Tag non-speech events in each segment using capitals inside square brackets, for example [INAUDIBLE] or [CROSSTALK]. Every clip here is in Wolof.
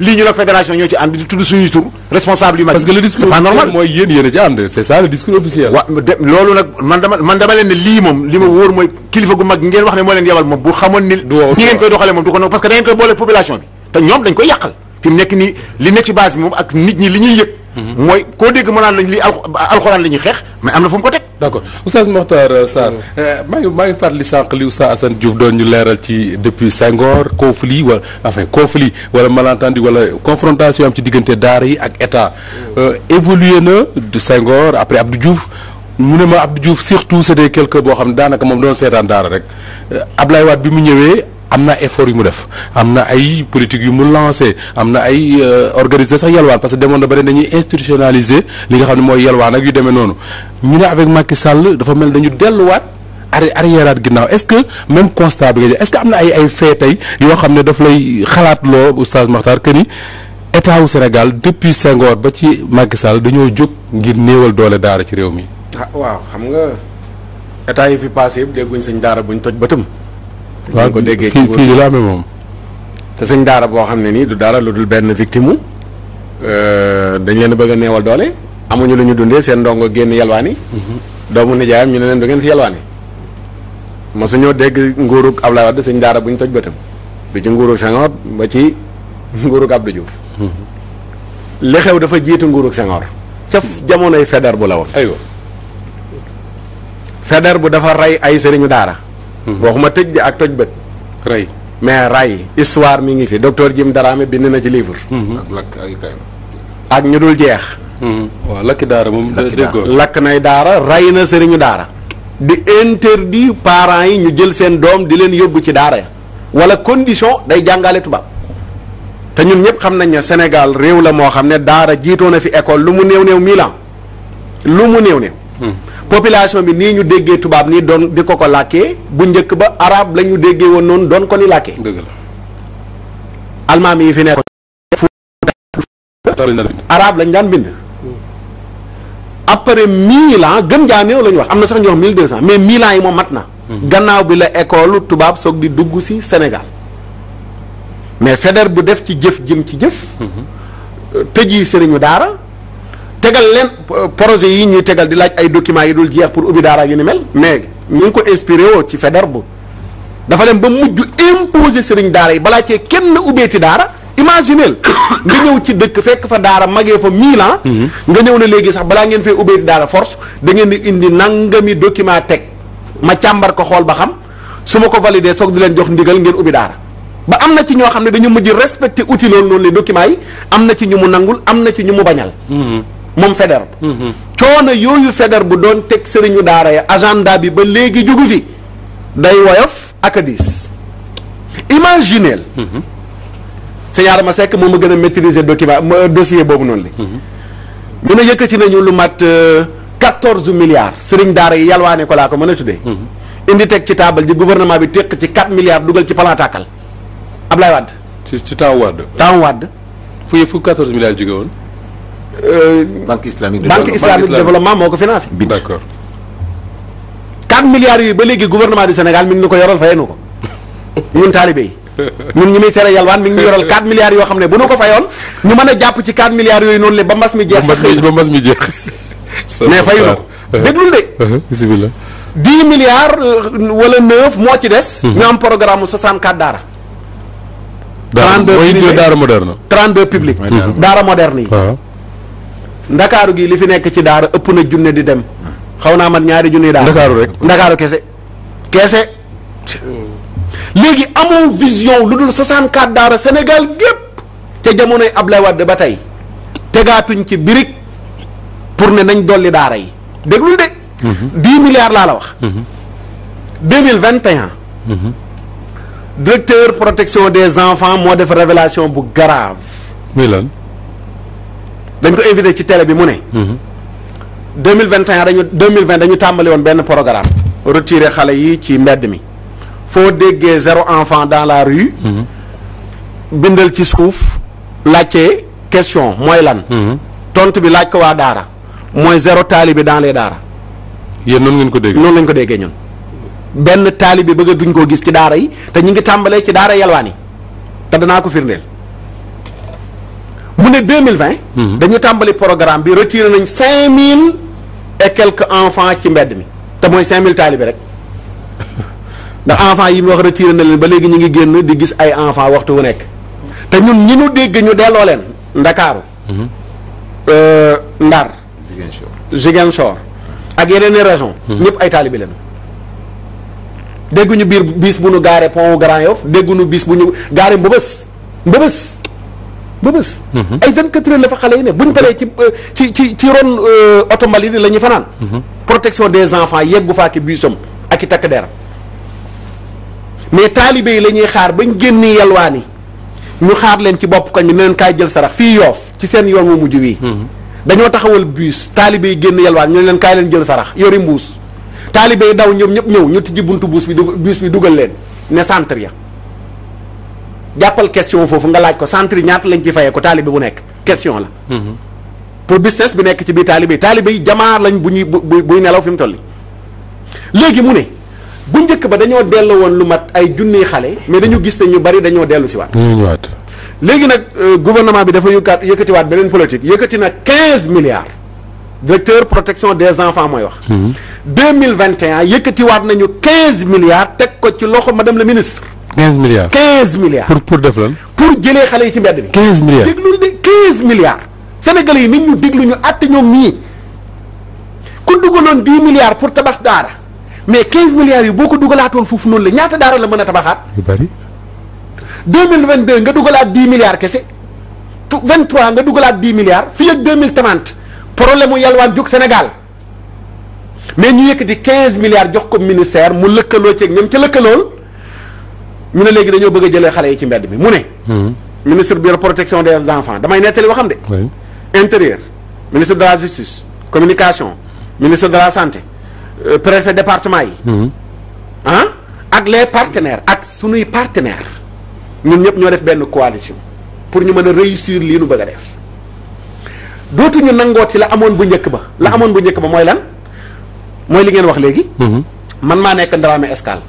lii ñu la fédération ñoo ci ànd di tudd tur responsable yu mag parce que normal wa loolu nag man dama leen lii moom li ma wóor mooy kilifa gu mag ngeen wax ne moo leen yebal moom bu xamoon ni ñi ngeen koy doxalee moom du ko nangu parce que da koy boole population bi te ñoom dañ koy yàqal fi nekk nii li nekk ci bi moom ak nit ñi li ñuy yëg mhm. mooy koo dégg mu naan lañ lii alxuraan la xeex mais am na fu ko teg d' accord Oustaz Mokhtar Sarr mm. euh, maa ngi maa ngi li sànq li Oustaz Assane Diouf doon ñu leeral ci depuis Senghor conflit wala enfin conflit wala malentendu wala confrontation am ci diggante daara yi ak état mm. euh, évolué na de Senghor après Abdou Diouf mu ne ma Abdou Diouf surtout c' était quelqu'un boo xam ne daanaka moom doon seetaan daara rek euh, Ablaye Wade bi mu ñëwee. am na effort yu mu def am na ay politique yu mu lancé am na ay euh, organiser sax yalwaan parce que demoon na ba ne dañuy institutionnaliser li nga xam ne mooy yalwaan ak yu deme noonu ñu ne avec Macky Sall dafa mel dañu delluwaat arrièreaat ginnaaw est-ce que même constat bi nga jël est am na ay ay fait tey yoo xam ne daf lay xalaat loo oustaz Makhtar que ni état wu Sénégal depuis Senghor ba ci Macky Sall dañoo jóg ngir néewal doole daara ci réew mi. Ah, waaw xam nga état yi fi passé yëpp dégguñ sañ daara buñ toj bëtam waaw ko déggee ci fii la ame moom. te sëñ daara boo xam ne nii du daara lu dul benn victime mu euh, dañ leen bëgg a neewal doole amuñu lu ñu dundee seen ndongo génn yalwaani. Mm-hmm. doomu nijaayam ñu ne leen du ngeen fi yalwaani. ma su ñoo dégg nguurug Ablaye Wade sëñ daara bu ñu toj bëtam bi ci nguurug Senghor ba ci nguurug Abdou Diouf. Mm-hmm. li xew dafa jiitu nguurug Senghor. ca jamonoy Faidherbe bu la woon aywa bu dafa rey ay sëriñu daara. waxuma tëj de ak toj bët rey mais ray histoire mi ngi fi docteur Jim Darame bind na ci livre mm-hmm. ak lakk ay ñu dul jeex mm-hmm. waaw lakki daara moom lakk nay daara ray na sëriñu daara di interdit parent yi ñu jël seen doom di leen yóbbu ci daara ya wala condition day jàngale tubaab te ñun ñëpp xam nañ ne Sénégal réew la moo xam ne daara jiitoon na fi école lu mu néew néew mille lu mu néew néew Hmm. population bi nii ñu déggee tubaab nii doon di ko ko làkkee bu njëkk ba arab la ñu déggee woon noonu doon ko ni làkkee. dëgg la yi fi nekk arab lañ daan bind. après mille gën jaa néew la ñu wax am na sax ñu wax mille deux cent mais mille yi moom mat na. Hmm. gannaaw bi la école tubaab soog di dugg ci senegal mais Faidherbe bu def ci jëf jëm ci jëf. Hmm. tëj yi sëriñu daara. tegal leen projet yi ñuy tegal di laaj ay documents yi dul jeex pour ubbi daara yu ni mel mais ñu ngi ko inspiré woo ci Faidherbe dafa dem ba mujj imposer sëriñ daara yi balaa cee kenn ubbeeti daara imagineel [COUGHS] nga ñëw ci dëkk fekk fa daara magee fa mille ans mhm. nga ñëw ne léegi sax balaa ngeen fay ubbeeti daara force da ngeen di indi nangami document teg ma càmbar ko xool ba xam su ma ko validé soog di leen jox ndigal ngeen ubbi daara ba am na ci ñoo xam ne dañu mujj respecté outil loolu noonu les yi am na ci ñu mu nangul am na ci ñu mu bañal mhm. moom feder bu mm-hmm. coono yooyu feder bu doon teg sëriñu daara ya agenda bi ba léegi jugu fi day woyof ak a diis imagineel mm-hmm. sëñ Adama Seck moom a gën a maîtriser document dossier boobu noonu li ñu mm-hmm. ne yëkkati nañu lu mat euh, quatorze milliards sëriñ daara yi waane ko laa ko mën a tuddee indi teg ci taabal ji gouvernement bi teq ci 4 milliards dugal ci plan tàkkal Ablaye Wade wàdd ci taawu Wade taawu Wade fu fu 14 milliards jóge Euh, banque islamique de banque islamique de développement moo ko financé. d'accord 4 milliards yooyu ba léegi gouvernement du Sénégal mi ngi ko yoral fayee nu ko ñun taalibe yi ñun ñi muy tere yalwaan mi ngi yoral 4 milliards yoo xam ne bu nu ko fayoon ñu mën a jàpp ci 4 milliards yooyu noonu la ba mbas mi jeex. ba mbas mi jeex. [LAUGHS] mais na ko déglul de. Uh-huh. bisimilah. 10 milliards euh, wala 9 moo ci des. Uh-huh. ñu am programme mu 64 daara. 32 daara mooy daara moderne. 32 public. Uh-huh. daara moderne yi. ndakaaru gi li fi nekk ci daara ëpp na junne di dem xaw naa man ñaari junne daara ndakaaru rek ndakaaru kese kese léegi amoo vision lu dul 64 daara Sénégal gépp ca jamonoy Ablaye Wade ba tey tegaatuñ ci birig pour ne nañ dolli daara yi déglul de mhm. dix milliards laa la wax mhm. deux mille vingt et un mhm. directeur protection des enfants moo def révélation bu grave muy dañ ko invité ci télé bi mu ne. 2021 mhm. dañu 2020 dañu tàmbali woon benn programme. retiré xale yi ci mbedd mi. foo déggee zéro enfant dans la rue. Mhm. bindal ci suuf laajte question mooy lan. Mhm. tontu bi laaj ko waa Daara. mooy zéro taalibe dans les Daara. yéen noonu ngeen ko déggee noonu lañ ko déggee ñun. benn taalibe bëgg duñ koo gis ci Daara yi te ñu ngi tàmbalee ci Daara yalwaan yi te danaa ko firndeel. mu ne deux mille vingt. Mhm. dañu tàmbali programme bi retiré nañ cinq mille et quelques enfants ci mbedd mi te mooy cinq mille taalibe rek [LAUGHS] ndax enfants yi mu wax retiré na leen ba léegi ñu ngi génn di gis ay enfants waxtu wu nekk te ñun ñi ñu dégg ñu delloo leen Ndakaaru. Mhm. Euh, Ndar. Ziguinchor Ziguinchor ak yeneen i régions. Mhm. ñëpp ay taalibe leen. dégguñu biir bis bu ñu gaaree pont Grand Yoff dégguñu bis bu ñu gaaree Mbëbës Mbëbës. ba bés mhm. ay 24 heures la fa xale yi ne buñ paree ci euh, ci ci ci ron euh, otombal yi la ñuy fanaan mhm. protection des enfants yeggu faa ki buusam ak i takk deram mais taalibe yi la ñuy xaar bañ génni yalwaani ñu xaar leen ci bopp koñ bi ne leen kaay jël sarax fii yoof ci seen yoon wu mujj wii mhm. dañoo taxawal bus taalibe yi génn yalwaan ñu leen kaay leen jël sarax yori mbuus taalibe yi daw ñoom ñëpp ñëw ñu tijji buntu buus bi dugal buus bi dugal leen ne centre ya jàppal question foofu nga laaj ko centre ñaata lañ ci fayee ko taalibe bu nekk question la. Mhm. pour business bi nekk ci biir taalibe yi taalibe yi jamaar lañ bu ñuy bu buy nelaw fi mu toll léegi mu ne bu njëkk ba dañoo delloo woon lu mat ay junniy xale mais dañu gis ne ñu bari dañoo dellu si waat. léegi nag euh, gouvernement bi dafa yëkkati waat beneen politique yëkkati na 15 milliards directeur protection des enfants mooy wax. 2021 mhm. yëkkatiwaat nañu 15 milliards teg ko ci loxo madame la ministre. 15 milliards 15 milliards. pour pour def lan. pour jëlee xale yi ci mbedd bi. 15 milliards déglu de 15 milliards. Sénégalais yi nit ñu déglu ñu àtte ñoom ñii ku dugaloon 10 milliards pour tabax daara mais 15 milliards yi boo ko dugalaatoon foofu noonu la ñaata daara la mën a tabaxaat. yu bari 2022 nga dugalaat 10 milliards kese. 23 nga dugalaat 10 milliards fii ak 2030 problème mu yalwaan jóg Sénégal mais ñu yëkkati 15 milliards jox ko ministère mu lëkkaloo ceeg ñoom ca lëkkalool. ñu ne léegi dañoo bëgg jëlee xale ci mbedd mi mu ne. Hmm. ministre bi protection des enfants damay nettali waxam de. intérieur ministre de la justice communication ministre de la santé euh, préfet département yi. Hmm. Ah? ak les partenaires ak sunuy partenaires ñun ñëpp ñoo def benn coalition pour ñu mën a réussir lii nu bëgg a def dootuñu nangooti la amoon bu njëkk ba la hmm. amoon bu njëkk ba mooy lan mooy li ngeen wax léegi. man maa nekk Ndramé Escale.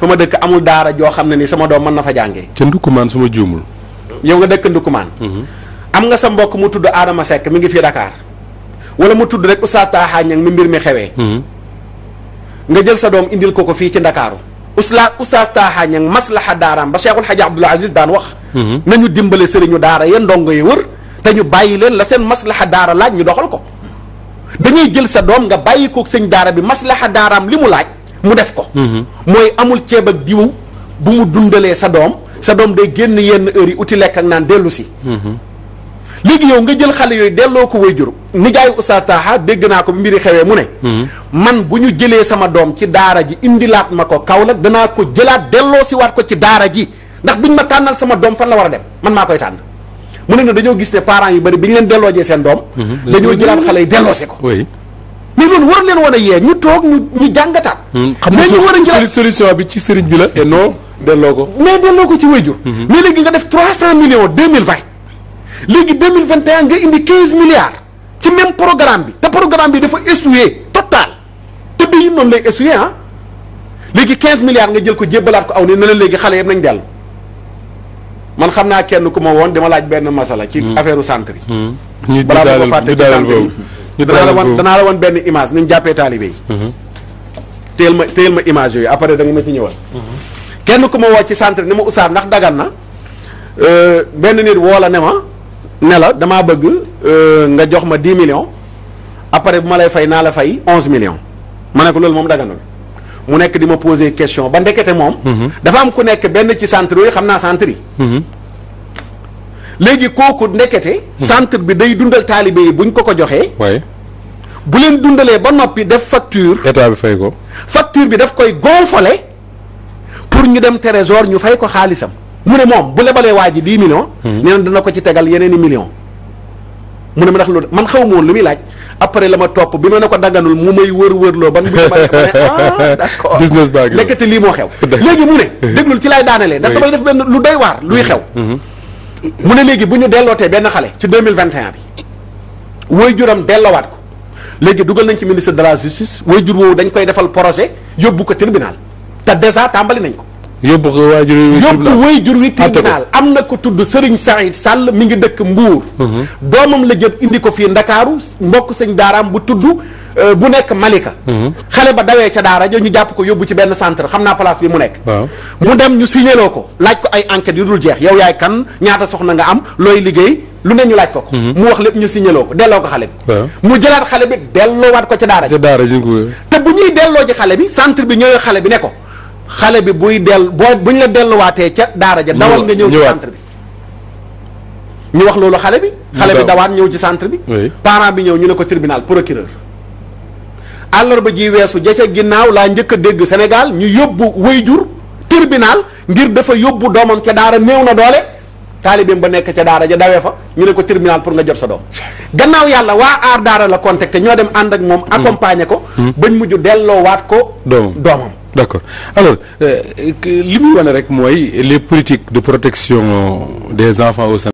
fa ma dëkk amul daara joo xam ne ni sama doom mën na fa jàngee. ca ndukk su ma juumul. yow nga dëkk Ndoukoumane. Mhm. am nga sa mbokk mu tudd Adama sekk mi ngi fi Dakar wala mu tudd rek Oustaz Taha Niang mi mbir mi xewee. Mhm. nga jël sa doom indil ko ko fii ci Ndakaaru Oustaz Oustaz Taha Niang maslaha daaraam ba Cheikhul Hadji Abdoul Aziz daan wax. na mhm. nañu dimbale sëriñu daara ya ndongo yi wër te ñu bàyyi leen la seen maslaha daara laaj ñu doxal ko dañuy jël sa doom nga bàyyi ko sëñ daara bi maslaha daaraam li mu laaj. mu def ko. Mm-hmm. mooy amul ceeb ak diw bu mu dundalee sa doom sa doom day génn yenn heures yi uti lekk ak naan dellu si. Mm-hmm. léegi yow nga jël xale yooyu delloo ko wayjur nijaayu Oustaz Taha dégg naa ko bi mbiri xewee mu ne. Mm-hmm. man bu ñu jëlee sama doom ci daara ji indilaat ma ko kaw la danaa ko jëlaat delloo si waat ko ci daara ji ndax duñ ma tànnal sama doom fan la war a dem man maa koy tànn. mu ne na dañoo gis ne parents yu bari bi ñu leen delloojee seen doom. dañoo jëlaat xale yi delloo si ko. mais loolu war leen woon a yee ñu toog ñu ñu jàngataat. Hmm, xam nga ñu war a jëlaat solution bi ci sëriñ bi la et non delloo ko. mais delloo ko ci wayjur. Hmm, hmm. mais léegi nga def trois cent millions deux mille vingt léegi deux mille vingt et indi quinze milliards ci même programme bi te programme bi dafa essuyé total te bii noonu lay essuyé ah. léegi quinze milliards nga jël ko jébbalaat ko aw ne na la léegi xale yëpp nañ dellu man xam naa kenn ku ma woon dama laaj benn masala ci affaire centre yi. balaa ma ko ci centre yi ñu danaa la wan danaa la wan benn image ni jàppee taalibe yi. Mhm. téel ma téel ma image yooyu après da nga ma ci ñëwal. Mhm. kenn ku ma woo ci centre ni ma Oustaz ndax dagan na euh, benn nit woo la ne ma ne la damaa bëgg euh, nga jox ma 10 million après bu ma lay fay naa la fay 11 million ma ne ko loolu moom daganul mu nekk di ma poser question ba ndekete moom. Mhm. dafa am ku nekk benn ci centre yooyu xam naa centre léegi kooku ndekkete centre bi day dundal taalibe yi buñ ko ko joxee. bu leen dundalee ba noppi def facture. état bi fay ko. facture bi daf koy gonfale pour ñu dem trésor ñu fay ko xaalisam. mu ne moom bu lebalee waa ji dix millions. Hmm. nee dina ko ci tegal yeneen i millions. mu ne ma ndax loolu man xaw ma lu muy laaj après la ma topp bi ma ne ko dagganul mu may wër-wërloo ba bu ma ne ko ne ah, [LAUGHS] [LAUGHS] léegi mu ne déglul ci laay daanelee. ndax damay def benn lu doy waar luy hmm. xew. Hmm. mu ne léegi bu ñu dellootee benn xale ci deux mille vingt et bi woy juram dellowaat ko léegi dugal nañ ci ministre de la justice woy jur woowu dañ koy defal projet yóbbu ko tribunal te déjà tàmbali nañ ko. yóbbu ko waajur woy jur wi tribunal am na ko tudd Serigne Saïd Sall mi ngi dëkk Mbour. Mhm. doomam la jël indi ko fii Ndakaaru mbokk sëñ daaraam bu tudd. Euh, bu nekk Malika. Mhm. xale ba dawee ca daara ja ñu jàpp ko yóbbu ci benn centre xam naa place bi mu nekk. mu dem ñu signéloo ko laaj ko ay enquêtes yu dul jeex yow yaay kan ñaata soxna nga am looy liggéey lu ne ñu laaj ko ko. Mhm. mu wax lépp ñu signéloo ko delloo ko xale bi. mu jëlaat xale bi waat ko ca daara ja. ca daara te bu ñuy delloo ci xale bi centre bi ñëwee xale bi ne ko xale bi buy dell boo buñ la delluwaatee ca daara ja. dawal nga ñëw ci centre bi. ñu wax loolu xale bi. xale bi dawaan ñëw ci centre bi. parent bi ñëw ñu ne ko tribunal procureur àllarba ji weesu ja ca ginnaaw laa njëkk a dégg Sénégal ñu yóbbu wayjur tribunal ngir dafa yóbbu doomam ca daara néew na doole taalibeem ba nekk ca daara ja dawee fa ñu ne ko tribunal pour nga jot sa doom gannaaw yàlla waa aar daara la contacté ñoo dem ànd ak moom accompagner ko hmm. Hmm. bañ mujj waat ko doomam d' accord alors euh, li muy wane rek mooy les politiques de protection des enfants au Sénégal